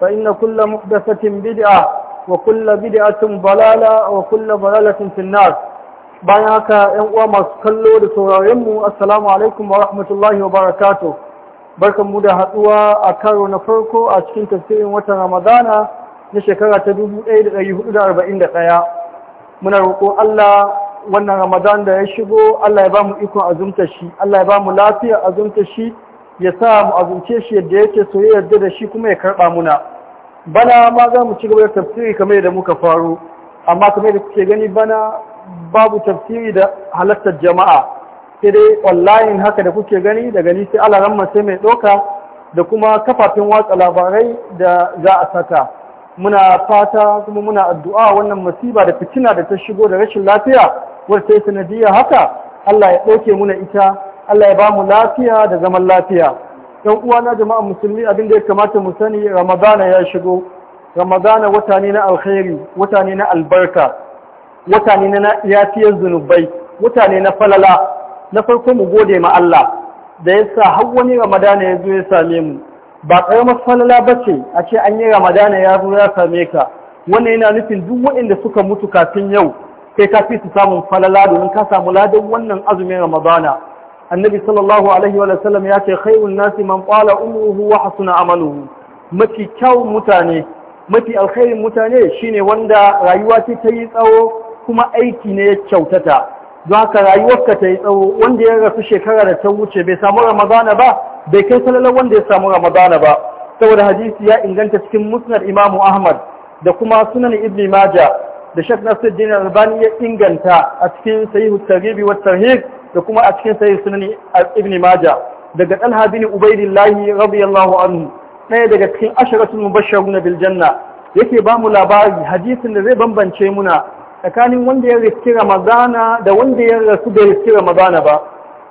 فإن كل محدثة بدعة وكل بدعة ضلالة وكل ضلالة في النار bayan haka ‘yan uwa masu kallo da sauraronmu assalamu alaikum wa rahmatullahi wa barakatuh barkanmu da haduwa a karo na farko a cikin tafsirin watan ramadana na shekara ta 1441 muna roƙo Allah wannan ramadan da ya shigo Allah ya ba mu ikon azumta shi Allah ya ba mu lafiya azumta shi ya sa mu azumce shi yadda yake so ya yarda da shi kuma ya karɓa muna bana ma za mu ci gaba da tafsiri kamar yadda muka faru. amma kamar da kuke gani bana babu tafsiri da halartar jama'a sai dai online haka da kuke gani daga ni sai Allah ramma sai mai doka da kuma kafafen watsa labarai da za a saka muna fata kuma muna addu'a wannan masiba da fitina da ta shigo da rashin lafiya wadda ta yi sanadiyar haka Allah ya ɗauke muna ita Allah ya ba mu lafiya da zaman lafiya yan uwana jama'a musulmi abin da ya kamata mu sani ramadana ya shigo ramadana wata ne na alkhairi wata ne na albarka wata ne na yafiyar zunubai wata ne na falala na farko mu gode ma Allah da ya sa har wani ramadana ya zo ya same mu ba ƙaramar falala ba ce a ce an yi ramadana ya zo ya same ka wannan yana nufin duk waɗanda suka mutu kafin yau kai ka fi su samun falala domin ka samu ladan wannan azumin ramadana annabi sallallahu alaihi wa sallam ya ce khairun nasi man qala umruhu wa hasuna amaluhu mafi kyau mutane mafi alkhairin mutane shine wanda rayuwa ce ta yi tsawo kuma aiki ne ya kyautata don haka rayuwarka ta yi tsawo wanda ya rasu shekara da ta wuce bai samu ramadana ba bai kai salalar wanda ya samu ramadana ba saboda hadisi ya inganta cikin musnad Imam ahmad da kuma sunan ibn majah da shek nasiruddin albani ya inganta a cikin sahihu tarhibi wa tarhib da kuma a cikin sahih sunan ibn majah daga talha bin ubaydillah radiyallahu anhu Daya daga cikin asharatul mubashshirun bil janna yake ba mu labari hadisin da zai bambance muna tsakanin wanda ya riski ramadana da wanda ya rasu da riski ramadana ba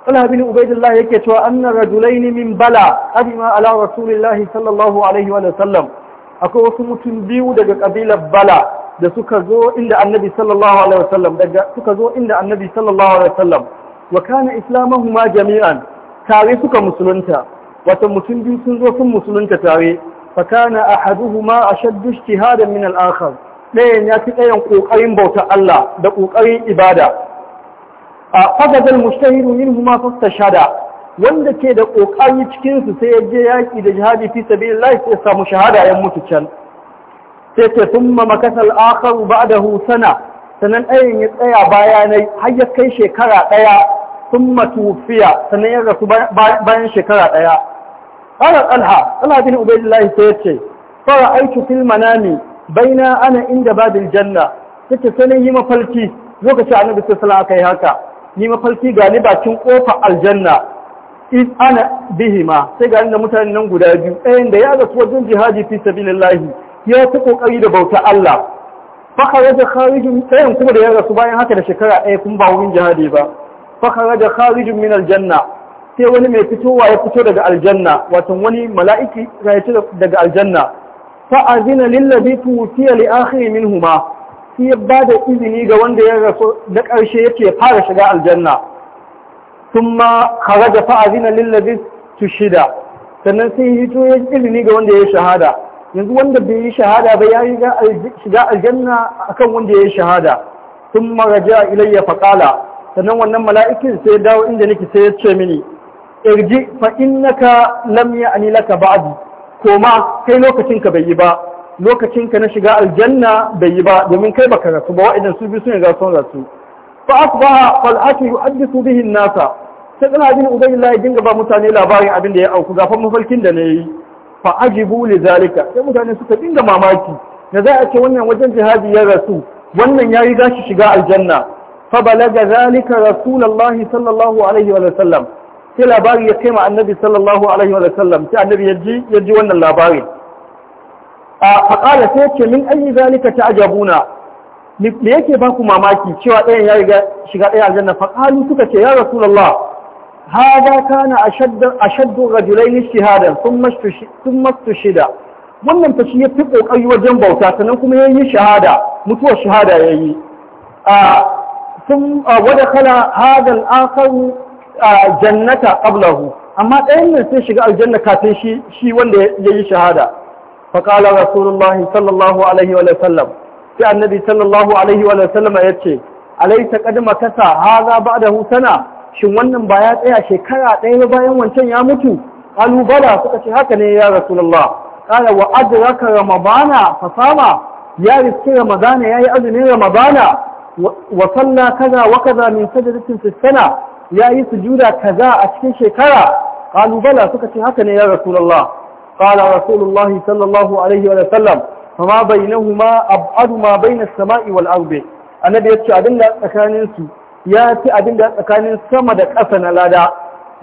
talha bin ubaydillah yake cewa anna rajulain min bala qadima ala rasulillahi sallallahu alaihi wa sallam akwai wasu mutum biyu daga kabilar bala da suka zo inda annabi sallallahu alaihi sallam daga suka zo inda annabi sallallahu alaihi sallam wa kana islamahuma jami'an tare suka musulunta wata mutum biyu sun zo sun musulunta tare fa kana ahaduhuma ashaddu ijtihadan min al-akhar ɗayan ya fi ɗayan ƙoƙarin bautar Allah da ƙoƙarin ibada a fagazal mushtahiru minhuma fastashada wanda ke da ƙoƙari cikin su sai ya je yaƙi da jihadi fi sabilillah sai samu shahada ya mutu can sai ta thumma makasa al-akhar ba'dahu sana sanan ɗayan ya tsaya bayanai har ya kai shekara ɗaya sun matufiya sannan ya rasu bayan shekara ɗaya ƙarar alha, ɗalha bin ubaidillahi sai ce fara aiki fil manami baina ana inda babin janna yake sai yi mafalki lokacin annabi sallallahu aka yi haka ni mafalki ga ni bakin kofa aljanna in ana ma, sai ga da mutanen nan guda biyu ɗayan da ya rasu wajen jihadi fi sabilillahi ya fi kokari da bauta Allah fa kharaja kharijun ɗayan kuma da ya rasu bayan haka da shekara ɗaya kun ba wurin jihadi ba da kharijun min aljanna sai wani mai fitowa ya fito daga aljanna wato wani mala'iki ya fito daga aljanna fa azina ladhi tuwfiya li akhir minhuma shi ya bada izini ga wanda ya rasu da karshe yake fara shiga aljanna kuma kharaja fa azina ladhi tushida sannan sai hito ya izini ga wanda ya shahada yanzu wanda bai yi shahada ba ya yi shiga aljanna akan wanda ya yi shahada thumma raja ilayya faqala sannan wannan mala'ikin sai dawo inda nake sai ya ce mini irji fa innaka lam ya'ni laka ba'di koma kai lokacin ka bai yi ba lokacin ka na shiga aljanna bai yi ba domin kai baka rasu ba wa'idan su bi sun ga sun rasu fa asbaha fal aki yu'addisu su bihin nasa sai kana jin ubaydillah ya dinga ba mutane labarin abin da ya auku gafan mafarkin da yi. fa aji bule zalika sai mutane suka dinga mamaki da za a ce wannan wajen jihadi ya rasu wannan ya riga shi shiga aljanna fa balaga zalika rasulullahi sallallahu alaihi wa sallam sai labari ya kai ma annabi sallallahu alaihi wa sallam sai annabi ya ji wannan labarin a faƙala sai ce min ayi zalika ta'jabuna me yake ba ku mamaki cewa ɗayan ya riga shiga ɗaya aljanna faƙalu suka ce ya rasulullah hada kana ashaddu rajulain shahadan thumma shida. wannan ta shi yafi kokari wajen bauta sannan kuma yayi shahada mutuwar shahada yayi a sun ah, wada kala hadal akawu a ah, jannata ƙablahu amma ɗayan ne sun shiga aljanna kafin shi wanda ya yi shahada faƙala rasulullahi sallallahu alaihi wa sallam sai annabi sallallahu alaihi wa sallam ya ce alaita ƙadima kasa haza ba da hutana shin wannan ba ya tsaya shekara ɗaya bayan wancan ya mutu kalubala suka ce haka ne ya rasulullah ƙara wa adraka ramadana fasama ya riske ramadana ya yi azumin ramadana wa salla kaza wa kaza min sajdatin fi sana yayi sujuda kaza a cikin shekara qalu bala suka ce haka ne ya rasulullah qala rasulullah sallallahu alaihi wa sallam fama bainahuma ab'adu ma baina as-sama'i wal ardi annabi yace abin da tsakanin su ya ci abin da tsakanin sama da ƙasa na lada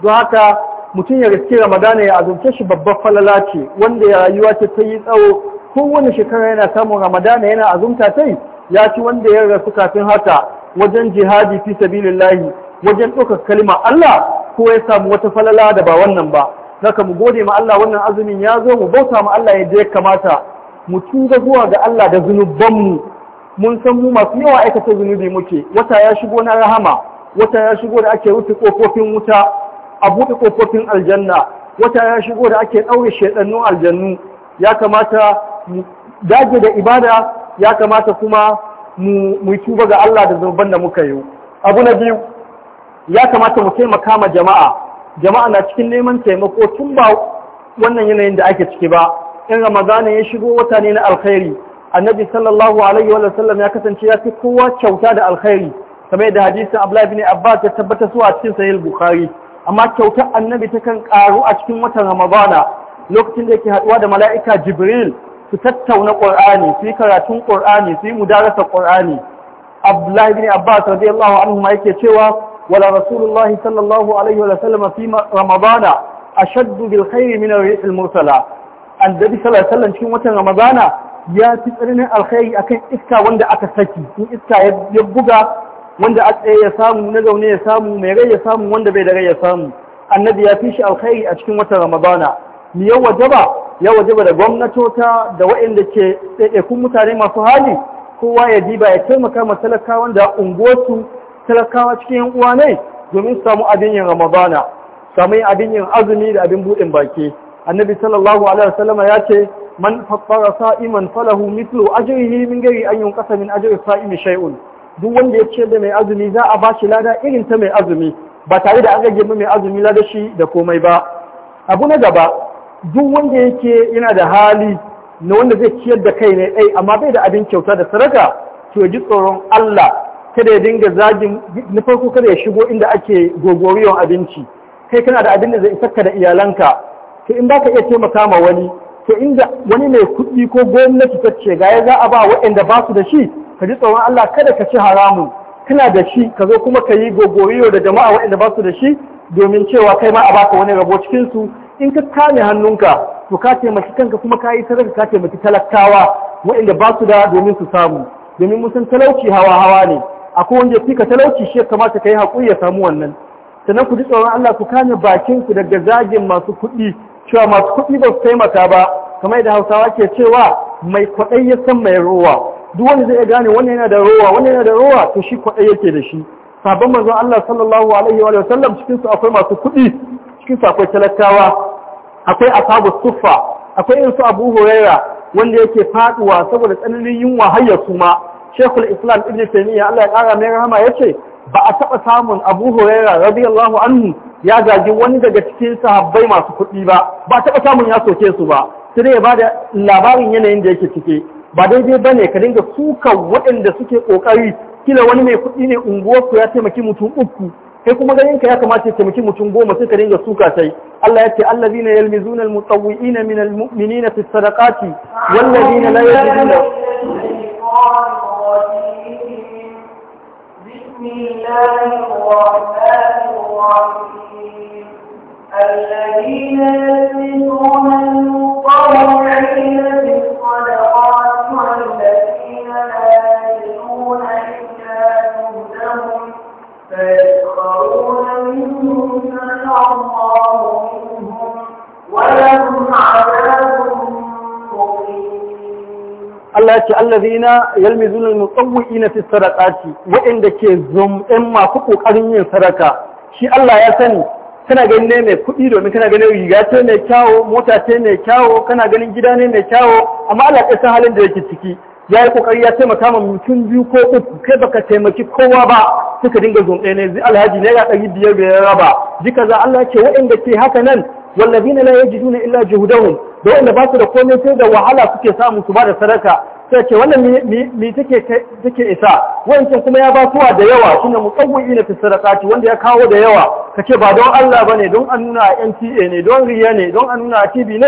don haka mutum ya riske ramadana ya azumce shi babbar falala ce wanda ya rayuwa ce ta yi tsawo kowane shekara yana samun ramadana yana azumta ta yi ya ci wanda ya rasu kafin haka wajen jihadi fi sabilillahi wajen ɗaukar kalima Allah ko ya samu wata falala da ba wannan ba saka mu gode ma Allah wannan azumin ya zo mu bauta ma Allah yadda ya kamata mu tuba zuwa ga Allah da zunubanmu mun san mu masu yawa aikata zunubi muke wata ya shigo na rahama wata ya shigo da ake rufe kofofin wuta a buɗe kofofin aljanna wata ya shigo da ake ɗaure shaɗannun aljannu ya kamata mu dage da ibada ya kamata kuma mu yi tuba ga Allah da zurban da muka yi abu na biyu ya kamata mu taimaka ma jama'a jama'a na cikin neman taimako tun ba wannan yanayin da ake ciki ba in ramadana ya shigo wata ne na alkhairi annabi sallallahu alaihi wa sallam ya kasance ya fi kowa kyauta da alkhairi kamar da hadisin abdullahi ne abbas ya tabbata su a cikin sahih bukhari amma kyauta annabi ta kan karu a cikin watan ramadana lokacin da yake haɗuwa da mala'ika jibril su tattauna ƙur'ani su yi karatun ƙur'ani su yi mudarasa ƙur'ani abdullahi bin abbas radiyallahu anhu ma yake cewa wala rasulullahi sallallahu alaihi wa sallam fi ramadana ashaddu bil khairi min ar mursala annabi sallallahu alaihi wasallam cikin watan ramadana ya fi tsananin alkhairi akan iska wanda aka saki in iska ya buga wanda a tsaye ya samu na zaune ya samu mai rai ya samu wanda bai da rai ya samu annabi ya fi shi alkhairi a cikin watan ramadana mi ya wajaba ya wajaba da gwamnatota da waɗanda ke kun mutane masu hali kowa ya diba ya taimaka ma talakawan da unguwarsu talakawa cikin yan uwa ne domin samu abin yin ramadana samu abin yin azumi da abin buɗin baki annabi sallallahu alaihi wasallama ya ce man fara sa'iman falahu mithlu ajrihi min gari an kasa min ajri sa'imi shay'un duk wanda ya ce da mai azumi za a ba shi lada irin ta mai azumi ba tare da an rage mai azumi lada shi da komai ba abu na gaba duk wanda yake yana da hali na wanda zai ciyar da kai ne ɗai eh, amma bai da abin kyauta da saraka, to ya ji tsoron Allah kada ya dinga zagin na farko kada ya shigo inda ake gogoriyon abinci kai kana da abin da zai isarka da iyalanka to in baka iya taimaka ma wani to inda wani mai kuɗi ko gwamnati ta ce ga za a ba waɗanda ba su da shi ka ji tsoron Allah kada ka ci haramu. kana da shi ka zo kuma ka yi gogoriyo da jama'a waɗanda ba su da shi domin cewa kai ma a baka wani rabo cikin su in ka kame hannunka to ka taimaki kanka kuma ka yi sadaka ka taimaki talakawa waɗanda ba su da domin su samu domin mun san talauci hawa hawa ne akwai wanda ka talauci shi ya kamata ka yi haƙuri ya samu wannan sannan ku ji tsoron Allah ku kame bakin ku daga zagin masu kuɗi cewa masu kuɗi ba su taimaka ba kamar da Hausawa ke cewa mai kwaɗai ya san mai rowa duk wani zai gane wani yana da rowa wani yana da rowa to shi kwaɗai yake da shi sabon manzon Allah sallallahu alaihi wa sallam cikin su akwai masu kuɗi cikin su akwai talakawa akwai asabu Sufa, akwai insu abu huraira wanda yake faduwa saboda tsananin yunwa har ya suma shekul islam ibn taymiya Allah ya kara mai rahama ya ce. ba a taba samun abu huraira radiyallahu anhu ya gaji wani daga cikin sahabbai masu kuɗi ba ba a taba samun ya soke su ba sai ba da labarin yanayin da yake cike ba daidai bane ka dinga suka waɗanda suke kokari kila wani mai kuɗi ne unguwarsu ya taimaki mutum uku sai kuma ganin ka ya kamace ya miki mutum goma sai ka dinga suka sai Allah yace allazina yalmizuna almutawwi'ina min almu'minina fi sadaqati wallazina la yajiduna بسم الله Allah ce سخر الله na ولهم Allah ya ce allazina yalmizuna al fi sadaqati wa'inda ke zum'in masu kokarin yin sadaka shi Allah ya sani kana ganin ne mai kuɗi domin kana ganin riga ce mai kyawo mota ce mai kyawo kana ganin gida ne mai kyawo amma Allah ya san halin da yake ciki ya yi kokari ya taimaka ma mutum biyu ko uku kai baka taimaki kowa ba suka dinga zumɗe ne alhaji naira ɗari biyar da ya raba jika za Allah ce waɗanda ke haka nan wallazina la yajiduna illa juhdahum da waɗanda ba su da komai sai da wahala suke samu su ba da sadaka sai ce wannan mi take isa wancan kuma ya basuwa da yawa shine mutawwi na fi sadaqati wanda ya kawo da yawa kace ba don Allah bane don a nuna a NTA ne don riya ne don a nuna a TV ne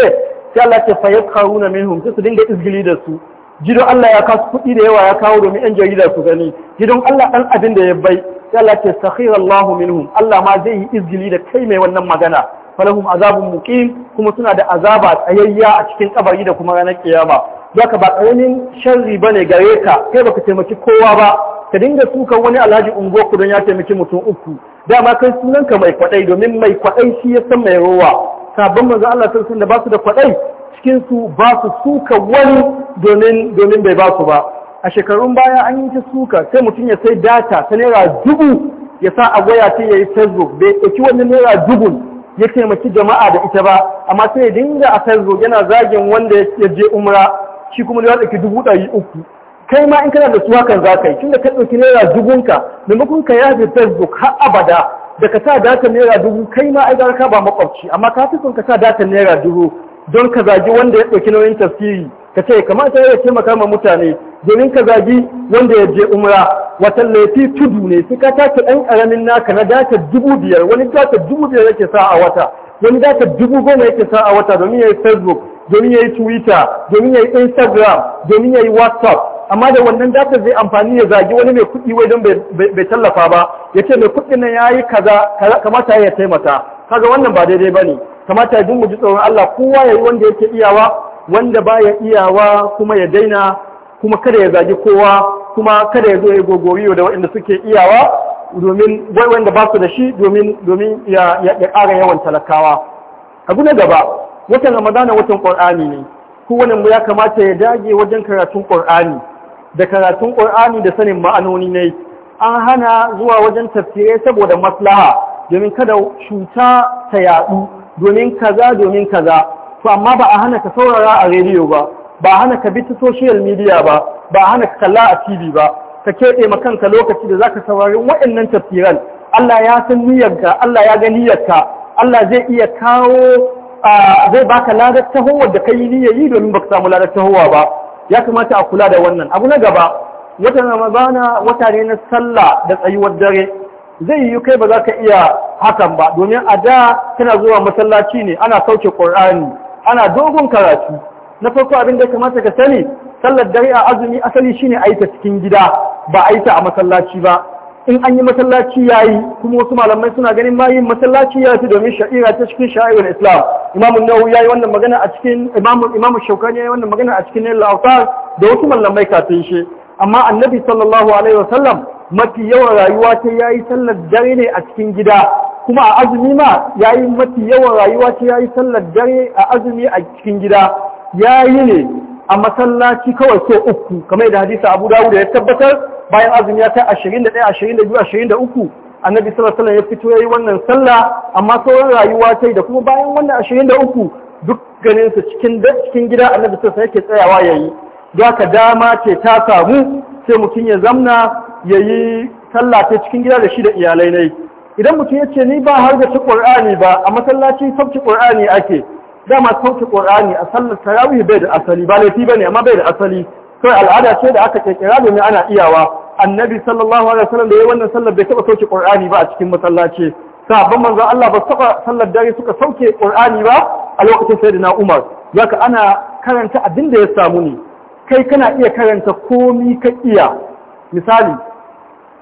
sai Allah ce fa yakaruna minhum su dinga izgili da su gidan Allah ya kasu kuɗi da yawa ya kawo domin 'yan jarida su gani gidan Allah ɗan abin da ya bai ya Allah ce sakhir minhum Allah ma zai yi izgili da kai mai wannan magana falahum azabun muqim kuma suna da azaba tsayayya a cikin kabari da kuma ranar kiyama ka ba karamin sharri ne gare ka kai baka taimaki kowa ba ka dinga sukan wani alhaji ku don ya taimaki mutum uku dama kai sunanka mai kwaɗai domin mai kwaɗai shi ya san mai rowa sabon manzo Allah sun da ba su da kwaɗai cikinsu ba su suka wani domin bai ba su ba a shekarun baya an yi ta suka sai mutum ya sai data ta naira dubu ya sa a waya ta yayi facebook bai ɗauki wani naira dubu ya taimaki jama'a da ita ba amma sai ya dinga a facebook yana zagin wanda ya je umra shi kuma ya ɗauki dubu ɗari uku kai ma in kana da su hakan za ka yi tunda ka ɗauki naira dubunka maimakon ka yafe facebook har abada da ka sa datan naira dubu kai ma ai ka ba makwabci amma ka fi son ka sa datan naira dubu don ka zagi wanda ya ɗauki nauyin tafsiri ka ce kamata ya taimaka makama mutane domin ka zagi wanda ya je umra wata laifi tudu ne su ka take ɗan ƙaramin naka na dakar dubu biyar wani dakar dubu biyar yake sa a wata wani dakar dubu goma yake sa a wata domin ya yi facebook domin ya yi twitter domin ya yi instagram domin ya yi whatsapp amma da wannan dakar zai amfani ya zagi wani mai kuɗi wai don bai tallafa ba ya ce mai kuɗin nan ya yi kaza kamata ya taimaka kaga wannan ba daidai bane kamata duk mu ji tsoron Allah kowa yayi wanda yake iyawa wanda baya iyawa kuma ya daina kuma kada ya zagi kowa kuma kada ya zo ya gogori da waɗanda suke iyawa domin wanda ba su da shi domin domin ya ƙara yawan talakawa abu na gaba watan ramadana watan qur'ani ne kowane mu ya kamata ya dage wajen karatun qur'ani da karatun qur'ani da sanin ma'anoni ne an hana zuwa wajen tafsirai saboda maslaha domin kada cuta ta yaɗu domin kaza domin kaza to amma ba a hana ka saurara a rediyo ba ba a hana ka bi ta social media ba ba a hana ka kalla a tv ba ka keɓe ma lokaci da za ka saurari waɗannan tafsiran Allah ya san niyyarka Allah ya ga niyyarka Allah zai iya kawo zai baka ladar tahowar da kai niyyar yi domin baka samu ladar tahowa ba ya kamata a kula da wannan abu na gaba watan ramadana wata ne na sallah da tsayuwar dare zai yi kai ba za ka iya hakan ba domin a da kana zuwa masallaci ne ana sauke ƙorani ana dogon karatu na farko abin da ya kamata ka sani sallar dare a azumi asali shine a yi cikin gida ba a yi a masallaci ba in an yi masallaci ya yi kuma wasu malamai suna ganin ma yin masallaci ya fi domin sha'ira ta cikin sha'irar islam imamun nawawi ya yi wannan magana a cikin imamun imamun ya yi wannan magana a cikin al da wasu malamai kafin shi amma annabi sallallahu alaihi wasallam mafi yawan rayuwa ta yi sallar dare ne a cikin gida kuma a azumi ma ya yi mafi yawan rayuwa ta yi sallar dare a azumi a cikin gida Ya yi ne a masallaci kawai so uku kamar da hadisa Abu Dawud ya tabbatar bayan azumi ya kai ashirin da uku annabi sallallahu alaihi ya fito ya yi wannan sallah amma sauran rayuwa yi da kuma bayan wannan ashirin duk ganin su cikin cikin gida annabi sallallahu alaihi yake tsayawa ya yi. don haka dama ce ta samu sai mutum ya zamna ya yi sallah cikin gida da shi da iyalai nai. idan mutum ya ce ni ba har da ci ƙur'ani ba a masallaci sauki ƙur'ani ake dama sauki ƙur'ani a sallar tarawih bai da asali ba laifi ne amma bai da asali kai al'ada ce da aka ƙirƙira domin ana iyawa annabi sallallahu alaihi wasallam da yayi wannan sallar bai taba sauke qur'ani ba a cikin masallaci sahabban manzo Allah ba taba sallar dare suka sauke ƙur'ani ba a lokacin sayyidina Umar zaka ana karanta abin da ya samu ne kai kana iya karanta komi ka iya misali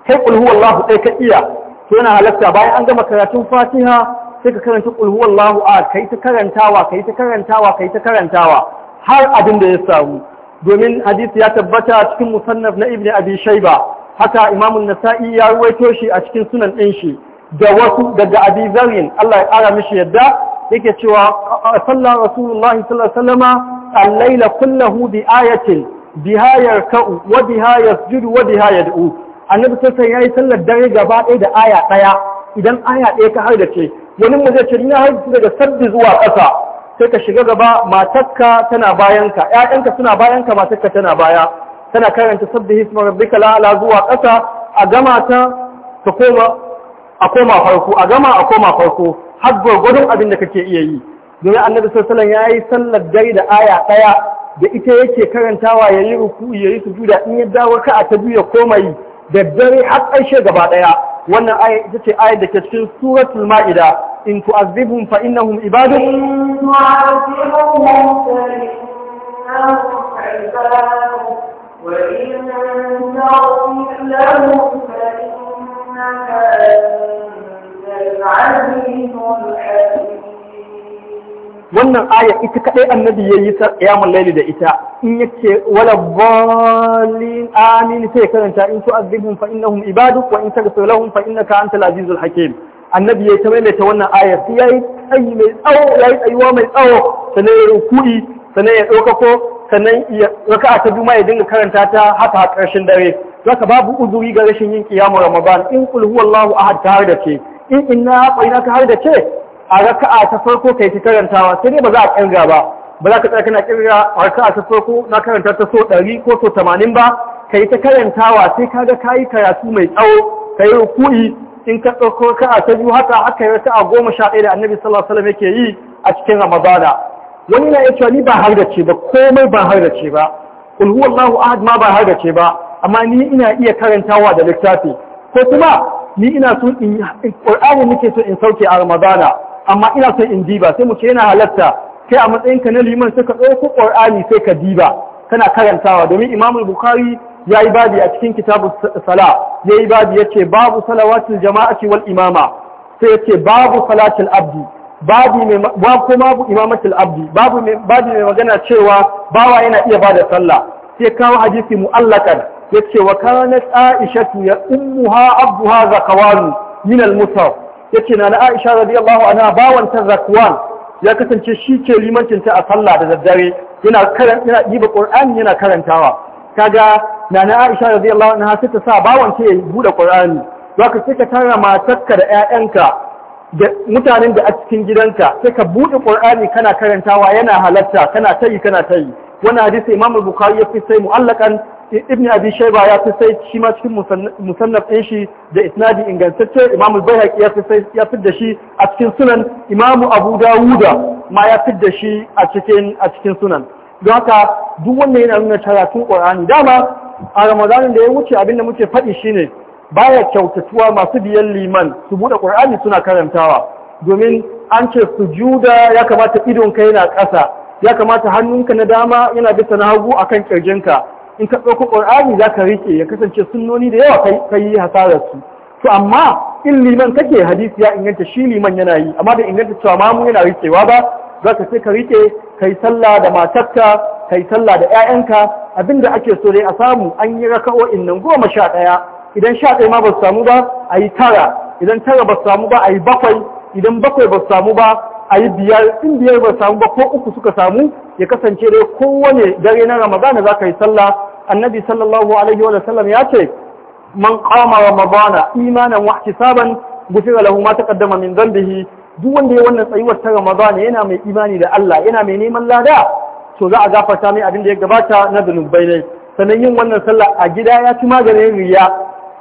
kai qul huwallahu dai ka iya to yana halatta bayan an gama karatun Fatiha sai ka karanta qul huwallahu a kai ta karantawa kai ta karantawa kai ta karantawa har abin da ya samu domin hadisi ya tabbata cikin musannaf na Ibn Abi Shayba haka Imam nasai ya ruwaito shi a cikin sunan ɗin shi da wasu daga Abi Zarin Allah ya ƙara mishi yadda yake cewa sallan rasulullahi sallallahu alaihi wasallama al-laila kullahu bi ayatin biha yarka'u wa biha yasjudu wa biha yad'u annabi sassan ya yi sallar dare gaba ɗaya da aya ɗaya idan aya ɗaya ka har da ce wani mu zai ce ya har daga sabbi zuwa ƙasa sai ka shiga gaba matakka tana bayanka ƴaƴanka suna ka matakka tana baya tana karanta sabbi hisma rabbika ala zuwa ƙasa a gama ta ta koma a koma farko a gama a koma farko har gwargwadon abin da kake iya yi domin annabi sassan ya yi sallar dare da aya ɗaya da ita yake karantawa ya yi ruku ya yi sujuda in ya dawo ka a ta biyu ya koma daddare har ƙarshe gaba ɗaya wannan aya ita ce ayar da ke cikin suratul ma'ida in tu'azzibhum fa innahum ibadun وإن تغفر لهم فإنك أنت العزيز الحكيم wannan aya ita kadai annabi ya yayi yamun laili da ita in yake wala dallin amin sai karanta in su tu'adhibhum fa innahum ibaduk wa in taghfir lahum fa innaka antal azizul hakim annabi ya ta maimaita wannan aya sai yayi tsayi mai tsawo yayi tsayuwa mai tsawo sannan ya rukui sannan ya ɗaukako raka raka'a ta juma ya dinga karanta ta haka a ƙarshen dare zaka babu uzuri ga rashin yin kiyamu ramadan in kul huwallahu ahad ta har da ce in inna na ka har da ce a raka'a ta farko kai ta karantawa sai dai ba za a kirga ba ba za ka tsaya kana kirga a raka'a ta farko na karanta ta so ɗari ko so tamanin ba kai ta karantawa sai ka ga kayi karatu mai tsawo kai ruku'i in ka ɗauko raka'a ta biyu haka haka raka'a goma sha ɗaya da annabi sallallahu alaihi wasallam yake yi a cikin ramadana wani na iya ni ba har da ce ba komai ba har da ba kul huwallahu ahad ma ba har da ba amma ni ina iya karantawa da littafi ko kuma ni ina so in Qur'ani nake so in sauke a Ramadana amma ina son in diba sai mu ce yana halatta kai a matsayinka na liman sai ka ɗauko ƙur'ani sai ka diba kana karantawa domin imamul bukhari ya yi babi a cikin kitabu sala ya yi babi ya ce babu salawatul jama'ati wal imama sai ya ce babu salatul abdi babu mai babu imamatul abdi babu mai babu mai magana cewa bawa yana iya bada sallah sai kawo hadisi mu'allakan yace wa kanat aishatu ya ummuha abduha zakawanu min al-musaf yace na na Aisha radiyallahu anha bawan ta Zakwan ya kasance shi ke limancinta a sallah da daddare yana karanta yana diba Qur'ani yana karantawa kaga na na Aisha radiyallahu anha sai ta sa bawan ta ya bude Qur'ani zaka sai ka tara matarka da ƴaƴanka da mutanen da a cikin gidanka sai ka bude Qur'ani kana karantawa yana halatta kana tayi kana tayi wannan hadisi Imam Bukhari ya fi sai mu'allakan ibn abi shayba ya fi sai shi ma cikin musannaf ɗin shi da isnadi ingantacce imam al-bayhaqi ya fi ya fi da shi a cikin sunan imam abu dawuda ma ya fi da shi a cikin a cikin sunan don haka duk wanda yana nuna karatun qur'ani dama a ramadanin da ya wuce abinda muke faɗi shine baya kyautatuwa masu biyan liman su buɗe qur'ani suna karantawa domin an ce sujuda ya kamata idon kai yana ƙasa ya kamata hannunka na dama yana bisa na hagu akan kirjinka in ka ɗauko ƙur'ani za ka rike ya kasance sunnoni da yawa ka yi hasarar su to amma in liman kake hadisi ya inganta shi liman yana yi amma da inganta cewa mamu yana rikewa ba za ka sai ka rike yi sallah da matarka yi sallah da 'ya'yanka abin da ake so dai a samu an yi raka'o'in nan goma sha ɗaya idan sha ɗaya ma ba su samu ba a yi tara idan tara ba su samu ba a yi bakwai idan bakwai ba su samu ba a yi biyar in biyar ba samu ba ko uku suka samu ya kasance dai kowane dare na ramadana za ka yi sallah annabi sallallahu alaihi wa sallam ya ce man qama ramadana imanan wa ihtisaban gufira lahu ma taqaddama min dhanbihi duk wanda ya wannan tsayuwar ta ramadana yana mai imani da Allah yana mai neman lada to za a gafarta mai abin da ya gabata na zunubai ne sanan yin wannan sallah a gida ya ci maganin riya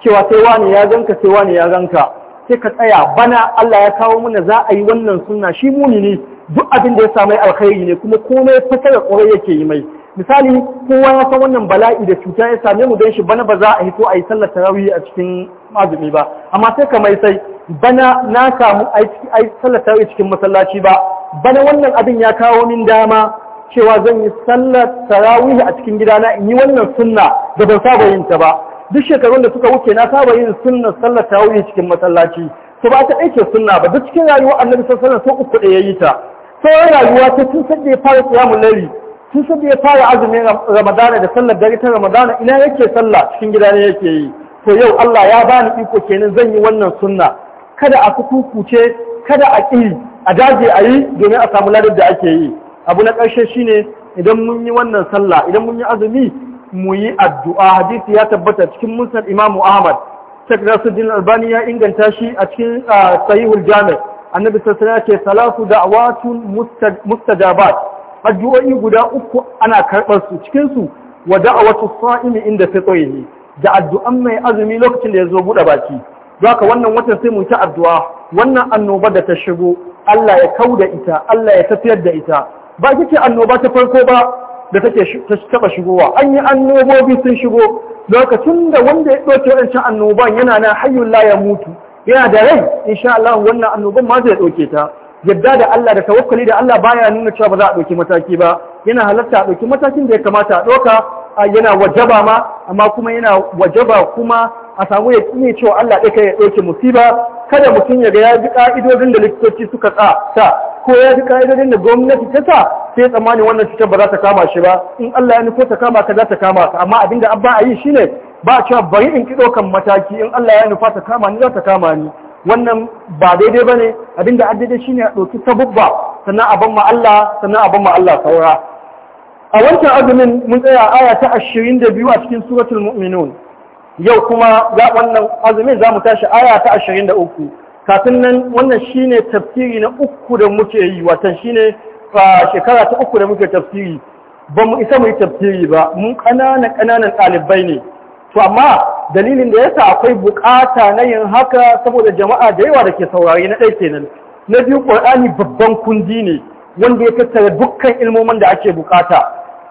cewa sai wani ya ganka sai wani ya ganka sai ka tsaya bana Allah ya kawo mana za a yi wannan sunna shi muni ne duk abin da ya samu alkhairi ne kuma komai fasara kwarai yake yi mai misali kowa ya san wannan bala'i da cuta ya same mu don shi bana ba za a hito a yi sallar tarawih a cikin azumi ba amma sai kamar sai bana na samu a yi sallar tarawih cikin masallaci ba bana wannan abin ya kawo min dama cewa zan yi sallar tarawih a cikin gidana in yi wannan sunna da ban saba yin ta ba duk shekarun da suka wuce na saba yin sunnar sallar tarawih cikin masallaci to ba ta aike sunna ba duk cikin rayuwar annabi sallallahu alaihi wasallam sai uku da yayi ta sai rayuwa ta tun sai ya fara qiyamul layli Sun sabbi ya fara azumin ramadana da sallar dare ta ramadana ina yake sallah cikin gida ne yake yi to yau Allah ya bani iko kenan zan yi wannan sunna kada a kukuce kada a ƙi a daje a yi domin a samu ladar da ake yi abu na ƙarshe shine idan mun yi wannan sallah idan mun yi azumi mu yi addu'a hadisi ya tabbata cikin musnad imamu ahmad shek nasuddin albani ya inganta shi a cikin ah, sahihul jami' annabi sallallahu alaihi wasallam ya ce salatu da'watun mustajabat addu'o'i guda uku ana karɓar su cikin su wa da'awatu sa'imi inda fitrihi da addu'an mai azumi lokacin da ya zo buɗe baki haka wannan watan sai mu ta addu'a wannan annoba da ta shigo Allah ya da ita Allah ya tafiyar da ita ba ita ce annoba ta farko ba da take taɓa shigowa an yi annobobi sun shigo lokacin da wanda ya ɗauke waɗancan annoban yana na hayyul la ya mutu yana da rai insha Allah wannan annoban ma zai ɗauke ta yadda da Allah da tawakkali da Allah baya nuna cewa ba za a ɗauki mataki ba yana halarta a dauki matakin da ya kamata a ɗauka yana wajaba ma amma kuma yana wajaba kuma a samu ya kine cewa Allah ɗaya ya ɗauke musiba kada mutum ya ga ya ji kaidodin da likitoci suka sa ko ya ji ƙa'idodin da gwamnati ta sa sai tsammani wannan cutar ba za ta kama shi ba in Allah ya nufo ta kama ka za ta kama ka amma abin da abba a yi shine ba a cewa bari in ki ɗaukan mataki in Allah ya nufa ta kama ni za ta kama ni wannan ba daidai ba ne abinda addade shi ne a ɗauki ta sannan a ma Allah sannan a ma Allah saura a wancan azumin mun tsaya aya ta ashirin da biyu a cikin suratul mu'minun yau kuma za wannan azumin za mu tashi aya ta ashirin da uku kafin nan wannan shine tafsiri na uku da muke yi watan shi ne shekara ta uku da muke tafsiri ba mu isa mu yi tafsiri ba mun ƙananan ƙananan ɗalibai ne to amma dalilin da yasa akwai bukata na yin haka saboda jama'a da yawa da ke saurari na ɗaya kenan na biyu ƙur'ani babban kundi ne wanda ya tattara dukkan ilmomin da ake bukata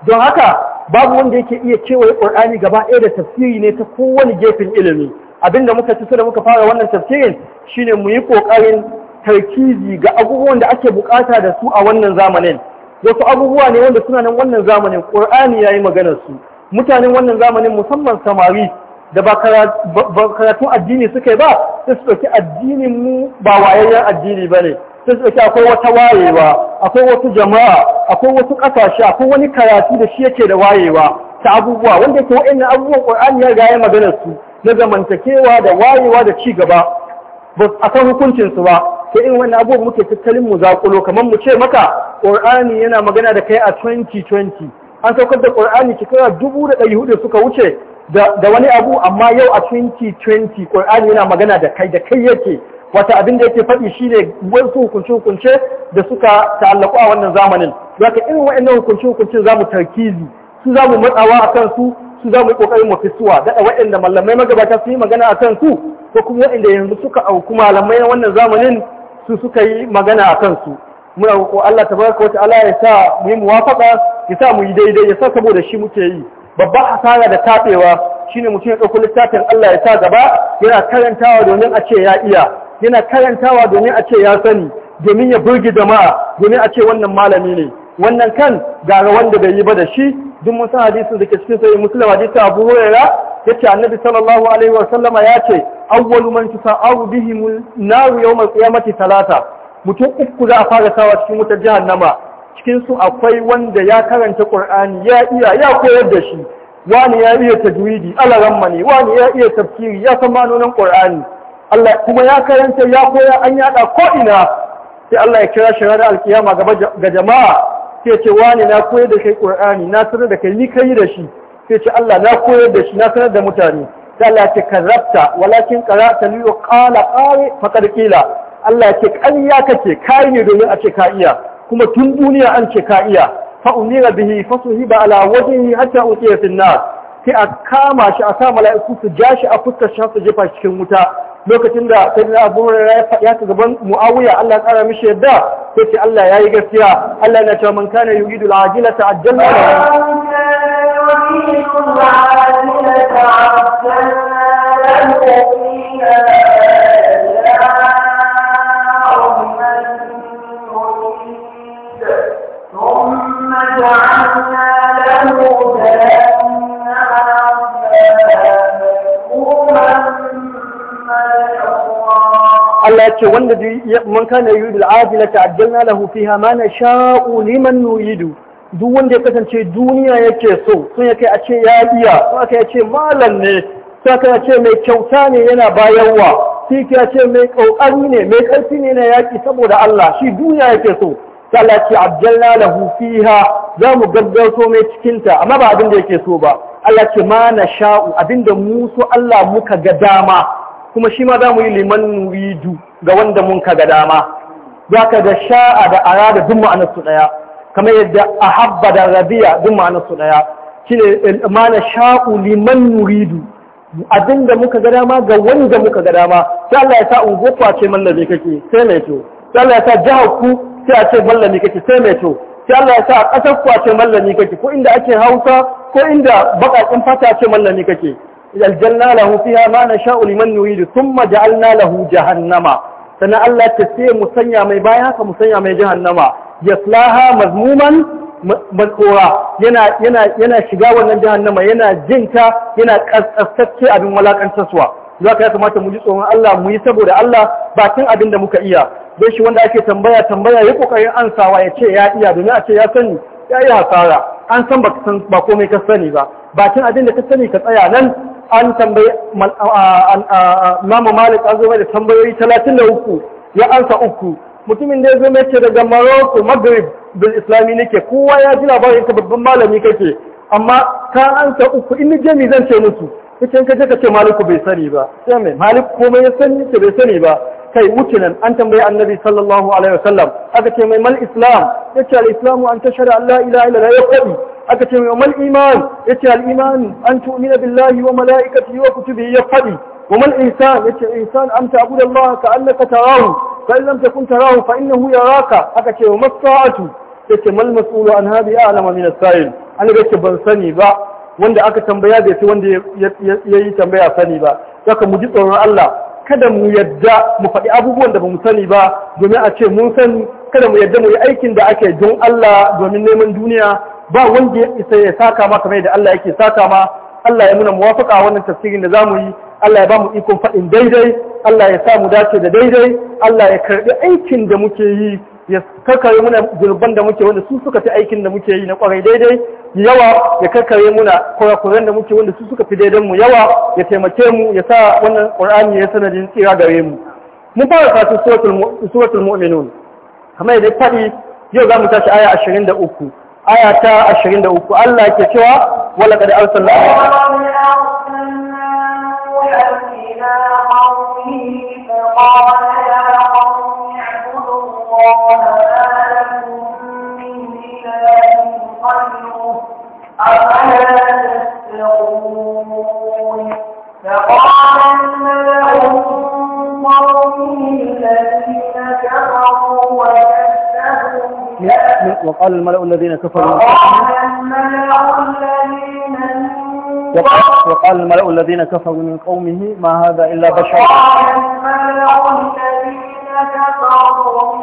don haka babu wanda yake iya kewaye ƙur'ani gaba ɗaya da tafsiri ne ta kowane gefen ilimi abinda muka ci da muka fara wannan tafsirin shine muyi yi ƙoƙarin tarkizi ga abubuwan da ake bukata da su a wannan zamanin wasu abubuwa ne wanda suna nan wannan zamanin ƙur'ani ya yi maganar su mutanen wannan zamanin musamman samari da ba karatun addini suke ba sai su ɗauki addinin mu ba wayayyen addini ba ne sai su ɗauki akwai wata wayewa akwai wasu jama'a akwai wasu ƙasashe akwai wani karatu da shi yake da wayewa ta abubuwa wanda yake wa'annan abubuwan ƙur'ani ya gaya maganar su na zamantakewa da wayewa da ci gaba ba a san hukuncin su ba ta in wannan abubuwan muke tattalin mu zaƙulo kamar mu ce maka ƙur'ani yana magana da kai a 2020 an saukar da Qur'ani shekara dubu da ɗari hudu suka wuce da wani abu amma yau a 2020 ƙwar'ani yana magana da kai da kai yake wata abin da yake faɗi shine wasu hukunce hukunce da suka ta'allaku a wannan zamanin ka irin hukuncin hukunce hukunce mu tarkizi su za mu matsawa a kansu su za mu yi ƙoƙarin mu fisuwa daɗa wa'anda malamai magabata su yi magana a kansu ko kuma wa'anda yanzu suka auku malamai na wannan zamanin su suka yi magana a kansu muna roƙo Allah ta tabaraka wata ta'ala ya sa mu yi muwafaqa ya sa mu yi daidai ya sa saboda shi muke yi babban hasara da tabewa shine mutum ya dauko littafin Allah ya sa gaba yana karantawa domin a ce ya iya yana karantawa domin a ce ya sani domin ya burge jama'a domin a ce wannan malami ne wannan kan gara wanda bai yi ba da shi duk mun san hadisin da ke cikin sahih muslim hadisi Abu Hurairah yace annabi sallallahu alaihi wa sallama yace awwalu man tusa'u bihim nar yawm al-qiyamati talata mutum uku za a fara sawa cikin wutar jahannama cikin su akwai wanda ya karanta Qur'ani ya iya ya koyar da shi wani ya iya tajwidi alaramma ne wani ya iya tafsiri ya san manonin Qur'ani Allah kuma ya karanta ya koya an yada ko ina sai Allah ya kira shi ranar alkiyama ga jama'a sai ce wani na koyar da kai Qur'ani na sanar da kai ni kai da shi sai ce Allah na koyar da shi na sanar da mutane sai Allah ya ce karabta walakin qara'ta li yuqala qari faqad qila Allah ya ce ƙarya kake kai ne domin a ce ka iya kuma tun duniya an ce ka iya fa umira bihi fasuhiba ala wajhihi hatta utiya fi nar sai a kama shi a sa mala'iku su ja shi a fuskar shi su jefa cikin wuta lokacin da sai na abu ya faɗi ta gaban muawiya Allah ya tsara mishi yadda sai ce Allah yayi gaskiya Allah na cewa man kana yuridu al-ajilata ajjalna lahu جعلنا Allah ce wanda man kana yuridu al-ajila ta'ajjalna na fiha ma nasha'u liman nuridu duk wanda ya kasance duniya yake so sun ya kai a ce ya iya sun aka ya ce malam ne sun aka ya ce mai kyauta ne yana bayarwa sun ya ce mai kokari ne mai karfi ne na yaki saboda Allah shi duniya yake so Allah ce da lahu fiha za mu gaggauto mai cikinta amma ba abin da yake so ba Allah ce ma na sha'u abinda mu so Allah muka ga dama kuma shi ma za mu yi liman nuridu ga wanda mun ka ga dama za ka ga sha'a da ara da duk ma'anar su ɗaya kamar yadda ahabba da rabiya duk ma'anar su ɗaya shine ma na sha'u liman nuridu abinda muka ga dama ga wanda muka ga dama sai Allah ya sa ungo ce man kake sai mai to sai Allah ya sa jahar ku sai a ce mallami kake sai mai to sai Allah ya sa a ƙasar ku ce mallami kake ko inda ake Hausa ko inda baƙaƙin fata ce mallami kake aljanna lahu fiha ma nasha'u liman nuridu thumma ja'alna lahu jahannama sannan Allah ta sai mu sanya mai baya haka mu sanya mai jahannama yaslaha mazmuman matsora yana yana yana shiga wannan jahannama yana jinta yana kaskasacce abin walakantarsuwa za ka ya kamata mu ji tsoron Allah mu yi saboda Allah bakin abin da muka iya don shi wanda ake tambaya tambaya ya kokarin ansawa ya ce ya iya domin a ce ya sani ya yi hasara an san ba san ba komai ka sani ba bakin abin da ka sani ka tsaya nan an tambayi mama Malik an zo da tambayoyi 33 ya ansa uku mutumin da ya zo mai ce daga Morocco Maghrib bil Islami nake kowa ya ji labarin ka babban malami kake amma ka ansa uku in ni mi zan ce musu kace kaje ka ce maliku bai sani ba sai mai malik komai ya sani ce bai sani ba kai wuce nan an tambayi annabi sallallahu alaihi wasallam aka ce mai mal islam yace al islam an tashhadu an la ilaha illa ya qadi aka ce mai mal iman yace al iman an tu'mina billahi wa malaikatihi wa kutubihi ya fadi. wa mal ihsan yace ihsan an ta'budu allaha ka annaka tarahu fa in lam takun tarahu fa innahu yaraka aka ce wa mas'atu yace mal mas'ulu an hadi a'lamu min as-sa'il an yace ban sani ba wanda aka tambaya bai fi wanda ya yi tambaya sani ba saka mu ji tsoron Allah kada mu yadda mu faɗi abubuwan da ba mu sani ba domin a ce mun sani kada mu yadda mu yi aikin da ake don Allah domin neman duniya ba wanda ya isa ya saka ma kamar da Allah yake saka ma Allah ya muna muwafaka wannan tafsirin da zamu yi Allah ya ba mu ikon faɗin daidai Allah ya sa mu dace da daidai Allah ya karɓi aikin da muke yi ya karkare muna zurban da muke wanda su suka fi aikin da muke yi na kwarai daidai yawa ya karkare muna kurakuran da muke wanda su suka fi daidan mu yawa ya taimake mu ya sa wannan qur'ani ya sanadin tsira gare mu mun fara kasu suratul mu'minun kamar yadda faɗi yau za mu tashi aya 23 aya ta 23 Allah ke cewa wala ka arsalna قومه وقال الملأ الذين كفروا وقال الملأ الذين كفروا من قومه ما هذا إلا بشر وقال الملأ الذين كفروا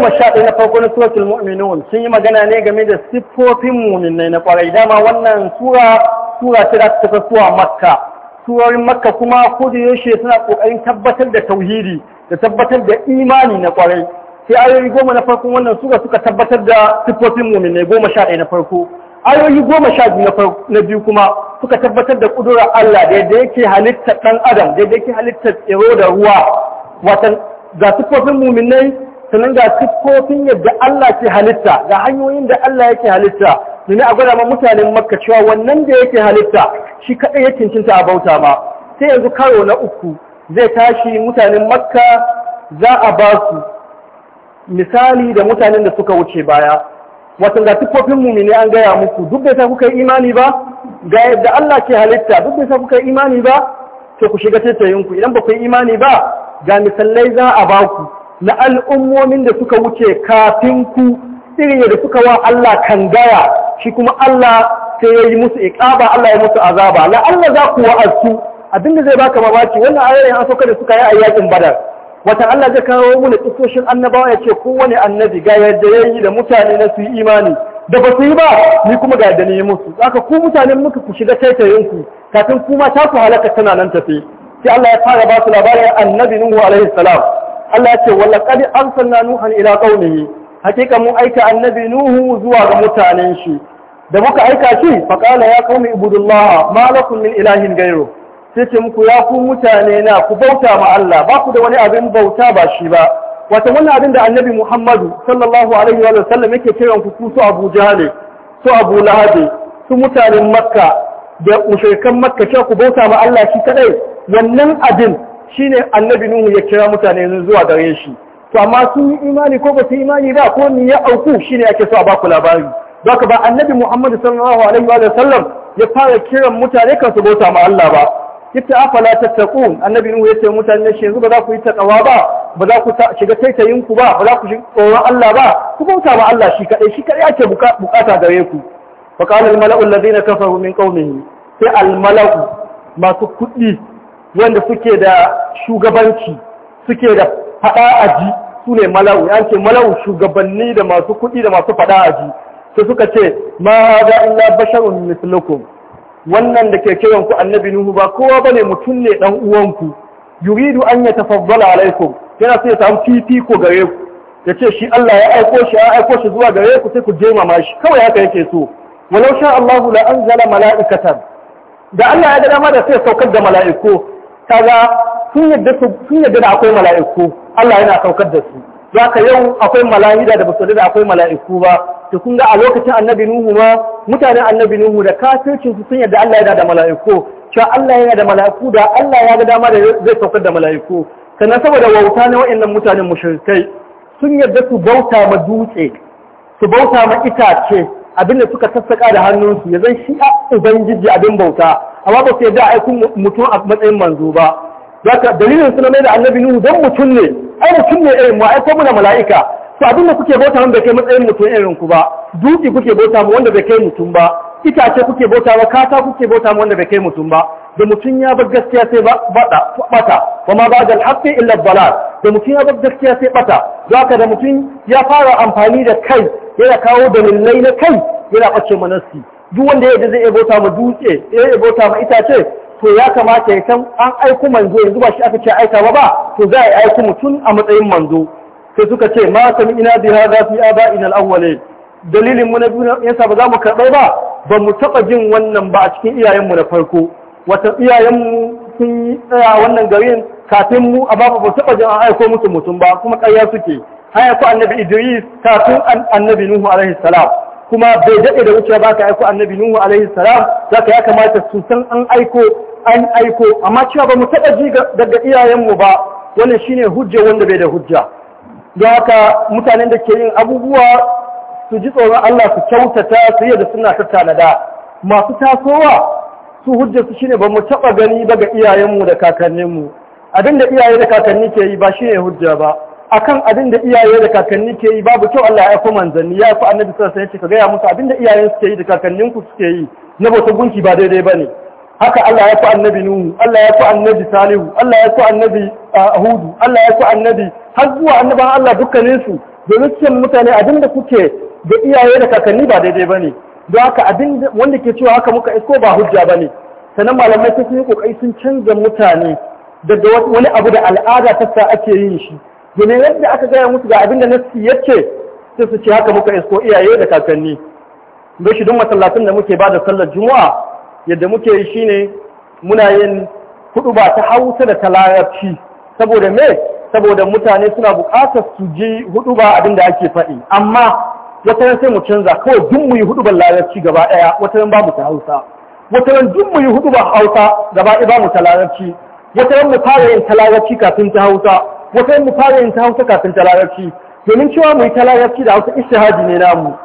goma sha ɗaya na farko na suratul mu'minun sun yi magana ne game da siffofin muminai na kwarai dama wannan sura sura ta da ta suwa makka surorin makka kuma ko da yaushe suna ƙoƙarin tabbatar da tauhidi da tabbatar da imani na kwarai sai ayoyi goma na farko wannan sura suka tabbatar da siffofin muminai goma sha ɗaya na farko ayoyi goma sha biyu na biyu kuma suka tabbatar da ƙudurar Allah da yadda yake halittar ɗan adam da yadda yake halittar tsiro da ruwa watan ga siffofin muminai sannan ga siffofin yadda Allah ke halitta ga hanyoyin da Allah yake halitta domin a gwada ma mutanen makka cewa wannan da yake halitta shi kaɗai ya cincinta a bauta ma sai yanzu karo na uku zai tashi mutanen makka za a ba su misali da mutanen da suka wuce baya watan ga siffofin mumini an gaya muku duk da ta kuka yi imani ba ga yadda Allah ke halitta duk da ta kuka yi imani ba to ku shiga tattayinku idan ba ku yi imani ba ga misalai za a ba ku na al'ummomin da suka wuce kafin ku irin da suka wa Allah kangaya shi kuma Allah sai ya yi musu iƙaba, Allah ya musu azaba Na Allah za ku wa'azu abinda zai baka mamaki wannan ayoyin an sauka da suka yi a yakin badar wata Allah zai kawo mu da tsoshin annabawa ya ce kowane annabi ga yadda ya yi da mutane na su yi imani da ba su yi ba ni kuma ga yadda ni musu haka ku mutanen muka ku shiga taitayin ku kafin kuma ta ku halaka tana nan tafi sai Allah ya fara ba su labarin annabi Nuhu alaihi salam Allah ce wala qad arsalna nuhan ila qaumihi hakika mun aika annabi nuhu zuwa ga mutanen shi da muka aika shi fa qala ya qaumi ibudullaha. ma lakum min ilahin ghayru sai ce muku ya ku mutane na ku bauta ma Allah ba ku da wani abin bauta ba shi ba wata wannan abin da annabi Muhammadu sallallahu alaihi wa sallam yake kiran ku ku su Abu Jahl su Abu Lahab su mutanen Makka da mushrikan Makka ce ku bauta ma Allah shi kadai wannan abin shine annabi nuhu ya kira mutane zuwa gare shi to amma sun yi imani ko ba su imani ba ko ni ya auku shine ake so a baku labari zaka ba annabi Muhammad sallallahu alaihi wa sallam ya fara kiran mutane kan su bauta ma Allah ba yace afala tattaqun annabi nuhu ya ce mutane shi yanzu ba za ku yi takawa ba ba za ku shiga taitayin ku ba ba za ku shiga tsoron Allah ba ku bauta ma Allah shi kadai shi kadai ake bukata gare ku fa qala al mala'u alladhina kafaru min qaumihi sai al mala'u masu kuɗi wanda suke da shugabanci suke da fada aji su ne mala'u ya ce mala'u shugabanni da masu kuɗi da masu fada aji su suka ce ma in illa basharun mislukum wannan da ke kiran ku annabi nuhu ba kowa bane mutum ne dan uwanku yuridu an yatafaddala alaikum yana so ya samu fifiko gare ku ya ce shi Allah ya aiko shi ya aiko shi zuwa gare ku sai ku ma shi kawai haka yake so walau sha Allahu la anzala mala'ikatan da Allah ya ga dama da sai saukar da mala'iku kaga sun yadda sun yadda da akwai mala'iku Allah yana saukar da su ka yau akwai mala'ida da basu da akwai mala'iku ba to kun ga a lokacin annabi nuhu ma mutanen annabi nuhu da kafircin su sun yadda Allah yana da mala'iku cewa Allah yana da mala'iku da Allah ya ga dama da zai saukar da mala'iku sannan saboda wauta na waɗannan mutanen mushrikai sun yadda su bauta ma dutse su bauta ma itace abin da suka sassaƙa da hannunsu ya zan shi a ubangiji abin bauta amma ba su yadda aikun mutum a matsayin manzo ba zaka dalilin suna mai da annabi nuhu don mutum ne ai mutum ne irin mu ai ko muna mala'ika to abin da kuke bauta wanda kai matsayin mutum irin ku ba dutse kuke bauta mu wanda bai kai mutum ba itace kuke bauta ba kata kuke bauta mu wanda bai kai mutum ba da mutum ya bar gaskiya sai bada bata wa ma ba'da al-haqqi illa ad da mutum ya bar gaskiya sai bata zaka da mutum ya fara amfani da kai yana kawo dalilai na kai yana bace manasi duk wanda yadda zai bauta ma dutse ya ma itace to ya kamata ya san an aiku manzo yanzu ba shi aka ce aika ba ba to za a aiku mutum a matsayin manzo sai suka ce ma sami ina bi hada fi aba'ina al-awwalin dalilin mu na biyu yasa ba za mu karɓai ba ba mu taɓa jin wannan ba a cikin iyayenmu na farko wata iyayenmu sun yi tsaya wannan garin kafin mu a babu taɓa jin an aiko musu mutum ba kuma ƙarya suke an aiko annabi idris kafin annabi nuhu alaihi salam kuma bai daɗe da wuce ba ka aiko annabi nuhu alaihi salam za ka ya kamata su san an aiko an aiko amma cewa ba mu taɓa ji daga iyayenmu ba wannan shine hujja wanda bai da hujja don haka mutanen da ke yin abubuwa su ji tsoron Allah su kyautata su yi da suna ta masu tasowa su hujjar su shine ba mu taɓa gani ba ga iyayenmu da kakanninmu abin da iyaye da kakanni ke yi ba shine hujja ba akan abin da iyaye da kakanni ke yi babu kyau Allah ya aiko manzanni ya fi annabi sallallahu alaihi wasallam ka gaya musu abin da iyayen suke yi da kakannin ku suke yi na bauta gunki ba daidai bane haka Allah ya fi annabi Nuhu, Allah ya fi annabi Salihu, Allah ya fi annabi Hudu, Allah ya fi annabi har zuwa annaban Allah dukkaninsu domin cikin mutane abin da kuke da iyaye da kakanni ba daidai ba ne. don haka abin wanda ke cewa haka muka isko ba hujja ba ne sanan malamai sun yi kokari sun canza mutane daga wani abu da al'ada ta sa ake yin shi domin yadda aka gaya musu ga abin da na ya ce sai su ce haka muka isko iyaye da kakanni don shi don masallacin da muke ba da sallar juma'a yadda muke yi shine muna yin hudu ba ta hausa da ta larabci saboda me saboda mutane suna buƙatar su ji hudu ba abin da ake faɗi amma wata ran sai mu canza kawai duk mu yi hudu ban larabci gaba daya wata ran mu ta Hausa wata ran duk mu yi hudu ba Hausa gaba daya mu ta larabci wata ran mu fara yin ta kafin ta Hausa wata ran mu fara yin ta Hausa kafin ta larabci domin cewa mu yi ta da Hausa istihadi ne namu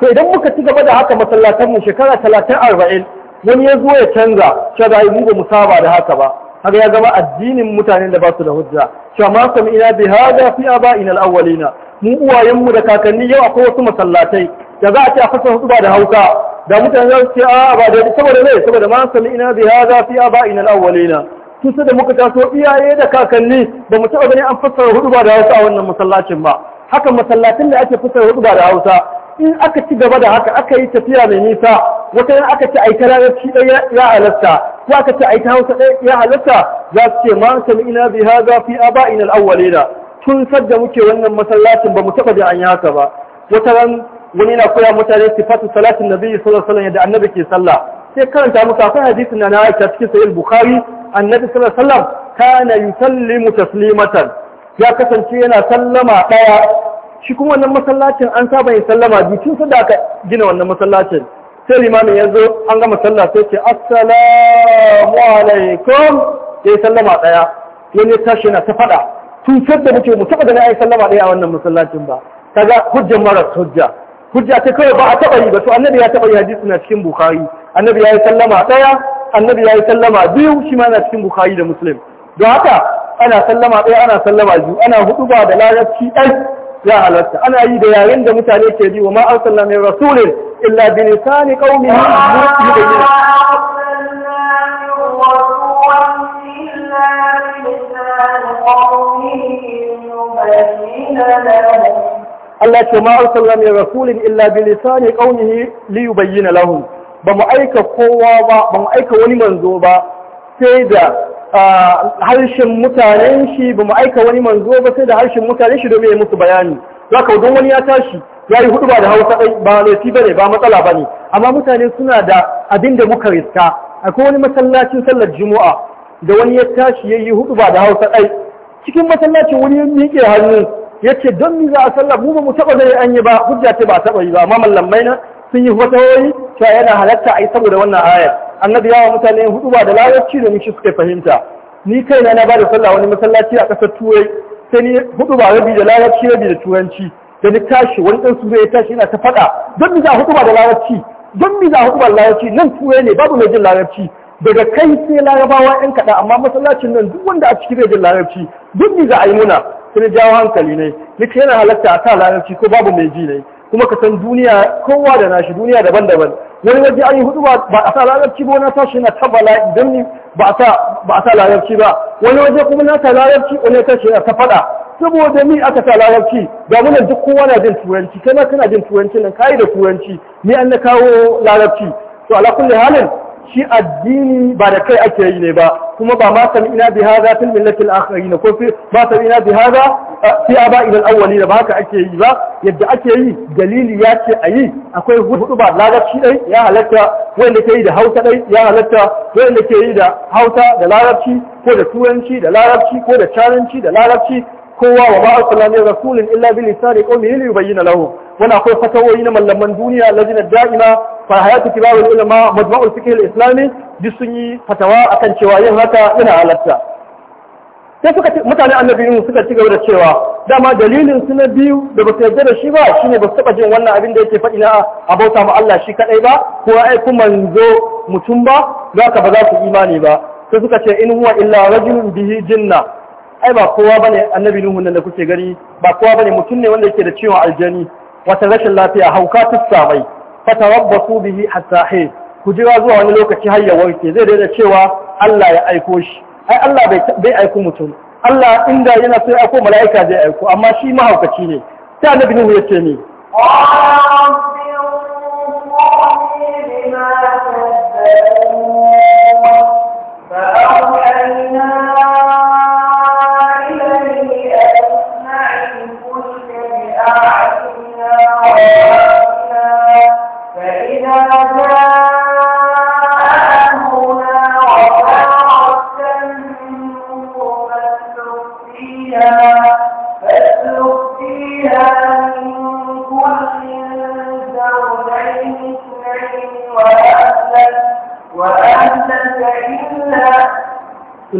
to idan muka ci gaba da haka masallatan mu shekara talatin arba'in, wani ya zo ya canza cewa mu ba mu saba da haka ba haka ya gaba addinin mutanen da ba su da hujja cewa ma sami ina bi hada fi aba'in al-awwalina mu uwayenmu da kakanni yau akwai wasu masallatai da za a ce a fasa hudu ba da hauka da mutane za su ce a ba da saboda ne saboda ma sami ina bi hada fi aba'in al-awwalina tun da muka taso iyaye da kakanni ba mu taɓa ganin an fassara hudu ba da hausa a wannan masallacin ba hakan masallacin da ake fassara hudu ba da hausa in aka ci gaba da haka aka yi tafiya mai nisa wata yana aka ci a rana larabci ɗaya ya halatta ko aka ci a hausa ɗaya ya halatta za su ce ma sami ina bi haza fi aba'in al da? tun sadda muke wannan masallacin ba mu taɓa da an yi haka ba wata ran wani na koya mutane sifatu salatin nabi sallallahu alaihi wasallam yadda annabi ke sallah sai karanta musu akwai hadisin na Aisha cikin sahih Bukhari annabi sallallahu alaihi wasallam kana yusallimu taslimatan ya kasance yana sallama daya shi kuma wannan masallacin an saba ya sallama biyu tun sada aka gina wannan masallacin sai limamin ya zo an gama sallah sai ce assalamu alaikum ya yi sallama ɗaya ya tashi na ta faɗa tun da muke mu taɓa da na yi sallama ɗaya a wannan masallacin ba kaga hujjan marar hujja hujja ce kawai ba a taɓa yi ba to annabi ya taɓa yi hadisi na cikin bukhari annabi ya yi sallama ɗaya annabi ya yi sallama biyu shi ma na cikin bukhari da muslim don haka ana sallama ɗaya ana sallama biyu ana hudu ba da larabci ɗai ya halatta ana yi da yaren da mutane ke ji wa ma arsalna min rasulin illa bi lisani qaumihi yubayyin Allah ce ma arsalna illa bi lisani qaumihi li yubayyana lahum ba mu aika kowa ba ba mu aika wani manzo ba sai da harshen mutanen shi ba mu aika wani manzo ba sai da harshen mutanen shi domin ya musu bayani za ka don wani ya tashi ya yi hudu ba da hausa ɗai ba laifi ba ne ba matsala ba ne amma mutane suna da abin da muka riska akwai wani masallacin sallar juma'a da wani ya tashi ya yi hudu ba da hausa ɗai cikin masallacin wani ya miƙe hannu ya ce don mi za a sallar mu ba mu taɓa zai an yi ba hujja ce ba taɓa yi ba amma mallamai na sun yi wani cewa yana halatta a yi saboda wannan ayar annabi yawa mutane hudu ba da larabci da nishi suke fahimta ni kaina na ba da sallah wani masallaci a ƙasar turai sai ni hudu ba rabi da larabci rabi da turanci da ni tashi wani ɗan su ya tashi yana ta faɗa don mi za a hudu ba da larabci don mi za hudu ba da larabci nan turai ne babu mai jin larabci daga kai sai larabawa yan kaɗa amma masallacin nan duk wanda a ciki zai jin larabci duk mi za a yi muna sai jawo hankali ne nake yana halatta a ta larabci ko babu mai ji ne kuma ka san duniya kowa da nashi duniya daban-daban wani waje an yi hudu ba a sa larabci ba na tashi na ta bala'i idan ni ba a sa larabci ba wani waje kuma na sa larabci wani tashi na ta faɗa saboda ni aka sa larabci ga muna duk kowa na jin turanci kai ma kana jin turanci nan kai da turanci ni an na kawo larabci to ala kulli halin shi addini ba da kai ake yi ne ba kuma ba ma san ina bi hada fil millati al-akhirin ko fi ma san ina bi hada fi ba idan awwali da baka ake yi ba yadda ake yi dalili ya ce a yi akwai hudu ba larabci dai ya halatta wanda ke yi da hausa ɗai ya halatta wanda ke yi da hausa da larabci ko da turanci da larabci ko da caranci da larabci kowa wa ba'a sallami rasulin illa bil lisani qawmi li yubayyana lahu wana akwai fatawoyi na mallaman duniya lajnat da'ima fa hayatu kibarul ulama majma'ul fiqh al-islami duk sun yi fatawa akan cewa yin haka yana halatta sai suka mutane annabi Nuhu suka ci gaba da cewa dama dalilin su na biyu da ba su yarda da shi ba shine ba su taba jin wannan abin da yake faɗi na a bauta ma Allah shi kadai ba ko ai kuma manzo mutum ba ka ba za su imani ba sai suka ce in huwa illa rajulun bihi jinna ai ba kowa bane annabi Nuhu nan da kuke gani ba kowa bane mutum ne wanda yake da ciwon aljani wata rashin lafiya hauka tussa mai fatarabbasu bihi hatta hin ku jira zuwa wani lokaci har ya warke zai daina cewa Allah ya aiko shi ai Allah bai aiko mutum Allah inda yana so ya aiko mala'ika zai aiko amma shi mahaukaci ne sai annabi Nuhu ya ne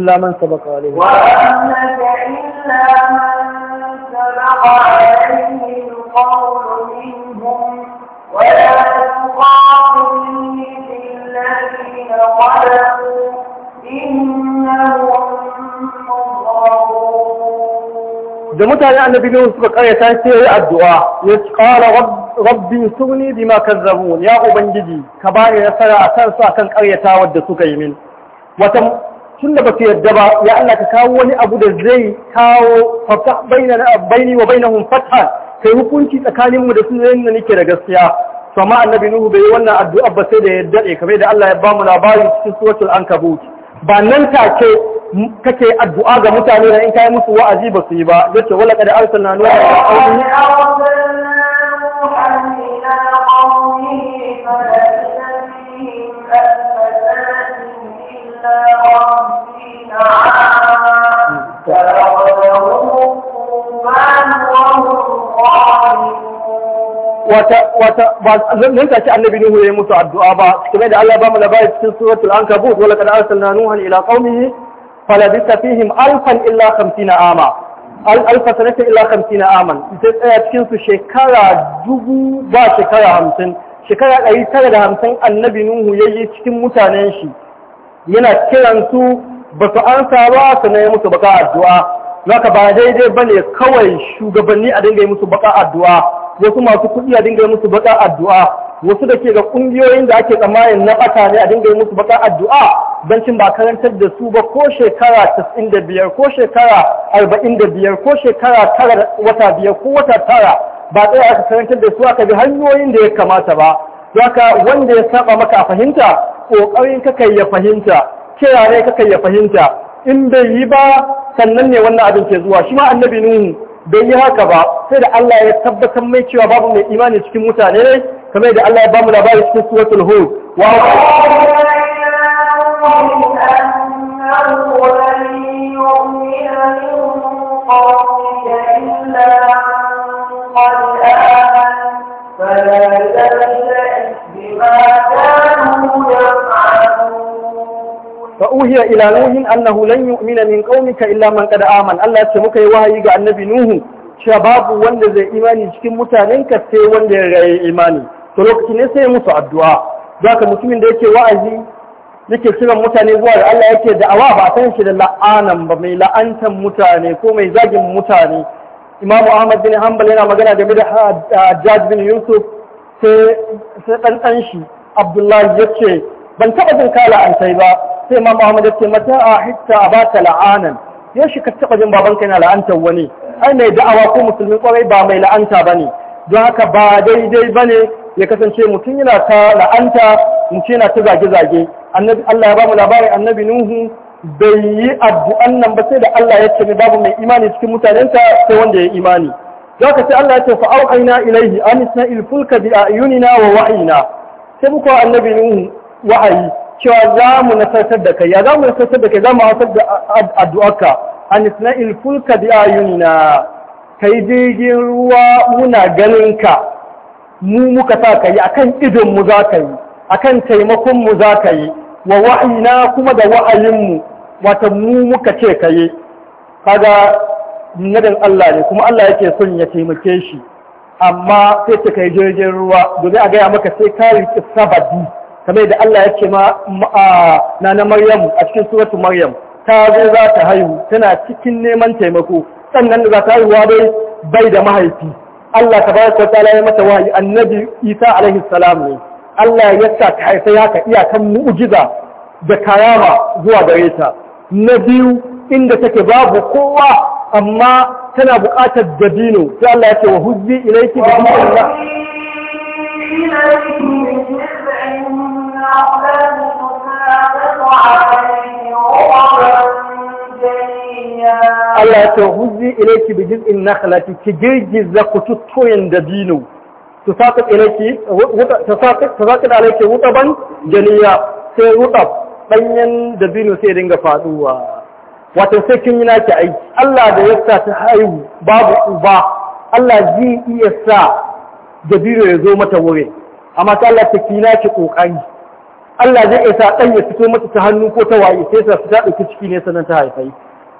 إلا من سبق عليه وأهلك إلا من سبق عليه القول منهم ولا تخاطبني في الذين ظلموا إنهم da mutane annabi ne suka karyata sai yayi addu'a ya kara rabbi suni bima kazzabun ya ubangiji ka bani nasara akan su akan karyata wadda suka yi min wata tunda ba su yadda ba ya Allah ka kawo wani abu da zai kawo fatah baini wa bainahum fathan kai hukunci tsakaninmu da su da nake da gaskiya to amma annabi nuhu bai yi wannan addu'a ba sai da ya dade kamar da Allah ya ba mu labarin cikin suratul ankabut ba nan take kake addu'a ga mutane da in kai musu wa'azi ba su yi ba yace wala kad arsalna nuha wata wata nan take annabi nuhu yayi musu addu'a ba kamar da Allah ba mu labari cikin suratul ankabut wala kad arsalna nuhan ila qaumihi falabitha fihim alfan illa 50 ama alfa sanata illa 50 aman sai tsaya cikin su shekara dubu ba shekara 50 shekara 950 annabi nuhu yayi cikin mutanen shi yana kiran su ba su ansa ba sannan ya musu baka addu'a zaka ba daidai bane kawai shugabanni a dinga yi musu baka addu'a wasu masu kuɗi a dinga musu baka addu'a wasu da ke ga ƙungiyoyin da ake tsammanin na ɓata ne a dinga musu baka addu'a don cin ba karantar da su ba ko shekara da biyar ko shekara arba'in da biyar ko shekara tara wata biyar ko wata tara ba tsaya aka karantar da su aka bi hanyoyin da ya kamata ba zaka wanda ya saba maka a fahimta ƙoƙarin kakai ya fahimta kira ne kakai ya fahimta in bai yi ba sannan ne wannan abin ke zuwa shi ma annabi nuhu bai yi haka ba sai da Allah ya tabbatar mai cewa babu mai imani cikin mutane ne kamar da Allah ya bamu labari cikin suratul hud wa wa fa uhiya ila nuhin annahu lan yu'mina min qaumika illa man qad aman Allah ce muka yi wahayi ga annabi nuhu cewa babu wanda zai imani cikin mutanenka sai wanda ya raye imani to lokacin ne sai musu addu'a zaka mutumin da yake wa'azi yake kiran mutane zuwa ga Allah yake da'awa ba san shi da la'anan ba mai la'antan mutane ko mai zagin mutane Imam Ahmad bin Hanbal yana magana game da Hajjaj bin Yusuf sai sai dan dan shi Abdullahi yace ban taba jin kala an sai ba sai ma Muhammad ce mata a hitta a baka la'anan ya shi ka taba jin baban kai na la'antar wani ai mai da'awa ko musulmi kwarai ba mai la'anta bane don haka ba daidai bane ya kasance mutum yana ta la'anta mutum na ta zage-zage Allah ya bamu labarin annabi Nuhu bai yi addu'an nan ba sai da Allah ya ce babu mai imani cikin mutanensa sai wanda ya imani zaka sai Allah ya ce fa auqaina ilaihi an isna'il fulka bi ayunina wa wa'ina sai muka annabi Nuhu wa'ayi cewa za mu nasartar da kai ya za mu nasartar da kai za mu hausar da addu'arka an isna'il fulka bi na kai jirgin ruwa muna ganin ka mu muka sa yi. akan idon mu za ka yi akan taimakon mu za ka yi wa wa'ina kuma da wa'ayinmu, mu wata mu muka ce ka yi kaga nadin Allah ne kuma Allah yake son ya taimake shi amma sai ka kai jirgin ruwa domin a gaya maka sai ka riƙi sabadi kamar da Allah ya ce ma na Maryam a cikin suratu Maryam ta zo za ta haihu tana cikin neman taimako sannan da za ta haihuwa dai bai da mahaifi Allah tabaraka ta'ala ya mata wahayi annabi Isa alaihi salam ne Allah ya sa ta haifa iya kan mu'jiza da karama zuwa gare ta na biyu inda take babu kowa amma tana buƙatar dabino sai Allah ya ce wa huzzi ilayki bi Allah Allah ya ce huzzi bijin in na nakhlati ki girgiza ku tuttoyen dabino tusaqit ilayki tusaqit tusaqit wuta ban janiya sai rutab danyen dino sai dinga faduwa wato sai kin yi naki aiki Allah da ya sa ta haihu babu uba Allah zai iya sa Jabiru ya zo mata wuri. amma ta Allah ta ki naki kokari Allah zai isa ɗan ya fito mata ta hannu ko ta waye sai ta fita ɗauki ciki ne sannan ta haifai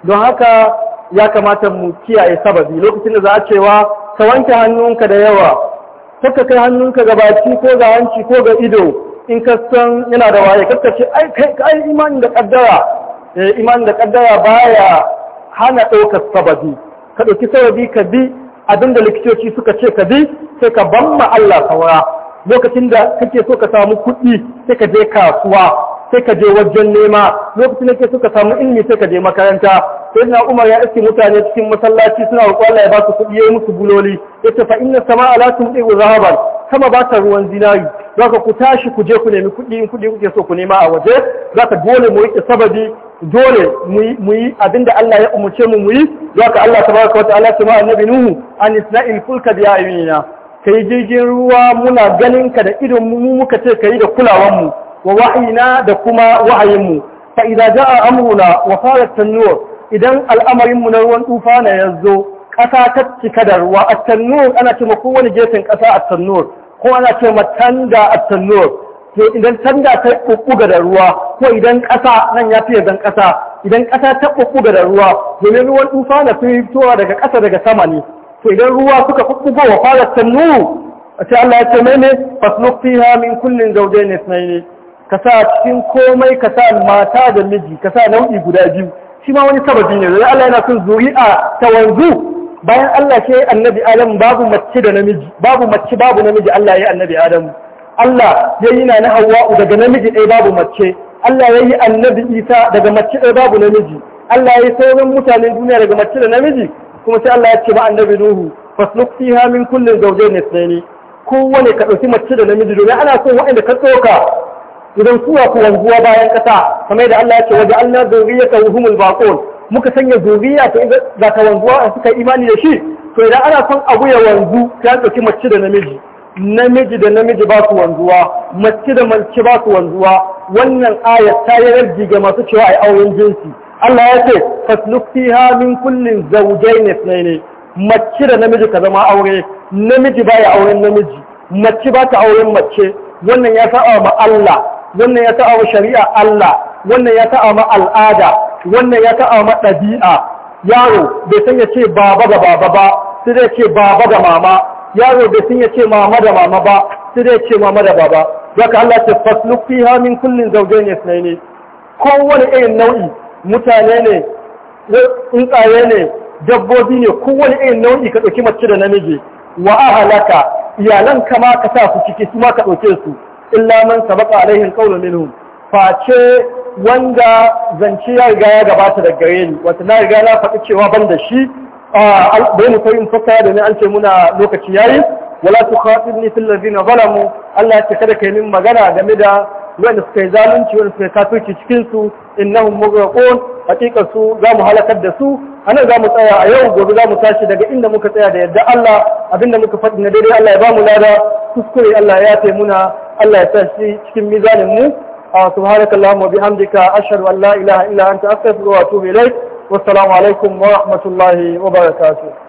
don haka ya kamata mu kiyaye sababi lokacin da za a cewa ka wanke hannunka da yawa kakka kai hannunka ga baki ko ga hanci ko ga ido in ka san yana da waye kakka ce ai kai imanin da kaddara eh imanin da kaddara baya hana ɗaukar sababi ka ɗauki sababi ka bi abinda likitoci suka ce ka bi sai ka bamma Allah saura lokacin da kake so ka samu kuɗi sai ka je kasuwa sai ka je wajen nema lokacin da kake so ka samu ilimi sai ka je makaranta sai na Umar ya iske mutane cikin masallaci suna roƙon Allah ya ba su kuɗi yi musu buloli yace fa inna sama'a la tumdi'u zahaban sama ba ta ruwan zinari za ka ku tashi ku je ku nemi kuɗi in kuɗi kuke so ku nema a waje za ka dole mu yi sababi dole mu yi abinda Allah ya umarce mu mu yi za ka Allah tabaraka wa ta'ala ce ma annabi Nuhu an isna'il fulka bi kai jirgin ruwa muna ganin ka da idon mu muka ce kai da kulawan mu wa wahina da kuma wahayin mu fa idza jaa amruna wa fara idan al'amarinmu na ruwan tufa na yazo ƙasa ta cika da ruwa a tanur ana ce ma kowane gefen kasa a tanur ko ana ce tanda a tanur to idan tanda ta kukkuga da ruwa ko idan ƙasa nan ya fiye zan ƙasa idan ƙasa ta kukkuga da ruwa domin ruwan tufa na fitowa daga ƙasa daga sama ne to idan ruwa suka kukkugo wa fara tannu a ce Allah ya ce mai ne fasluk fiha min kullin zawjayn ne. ka sa cikin komai ka sa mata da miji ka sa nau'i guda biyu shi ma wani sababi ne da Allah yana son zuri'a ta wanzu bayan Allah ke annabi Adam babu mace da namiji babu mace babu namiji Allah ya annabi Adam Allah ya yi na Hawwa daga namiji ɗaya babu mace Allah ya yi annabi Isa daga mace ɗaya babu namiji Allah ya yi sauran mutanen duniya daga mace da namiji kuma sai Allah ya ce ba annabi Nuhu fasluk fiha min kulli zawjayn ithnayn kowane ka dauki mace da namiji domin ana so waɗanda ka tsoka idan suwa ku wanzuwa bayan kasa kamar da Allah ya ce waje Allah ta humul baqul muka sanya zuriya ta za ta wanzuwa a suka imani da shi to idan ana son abu ya wanzu ka dauki mace da namiji namiji da namiji ba su wanzuwa mace da mace ba su wanzuwa wannan ayat ta yi ga masu cewa a auren jinsi Allah ya ce fasluk fiha min kullin zawjayn ithnayn mace da namiji ka zama aure namiji baya auren namiji mace ba ta auren mace wannan ya sa'a ma Allah wannan ya sa'a ma shari'a Allah wannan ya sa'a ma al'ada wannan ya sa'a ma ɗabi'a yaro bai san ya ce baba ga baba ba sai dai ce baba ga mama yaro bai san ya ce mama da mama ba sai dai ce mama da baba zaka Allah ce fasluk fiha min kullin zawjayn ithnayn kowane irin nau'i mutane ne tsuntsaye ne dabbobi ne kowane irin nau'i ka ɗauki mace da namiji wa halaka, iyalan ka ma ka sa su ciki su ma ka ɗauke su illa man sabaqa alaihim qawlu minu, face wanda zance ya riga ya gabata da gare ni wata na riga na faɗi cewa ban da shi bai mu kai in fasa da ni an ce muna lokaci yayi wala su tukhatibni fil ladina zalamu Allah ya kada ka yi min magana game da wanda suka yi zalunci wanda suka yi kafirci cikin su innahum mughraqun hakika su za mu halakar da su anan za mu tsaya a yau gobe za mu tashi daga inda muka tsaya da yadda Allah abinda muka faɗi na daidai Allah ya ba mu lada kuskure Allah ya yafe muna Allah ya sa shi cikin mizanin mu subhanakallahumma bihamdika ashhadu an la ilaha illa anta astaghfiruka wa atubu ilaik wassalamu alaikum wa rahmatullahi wa barakatuh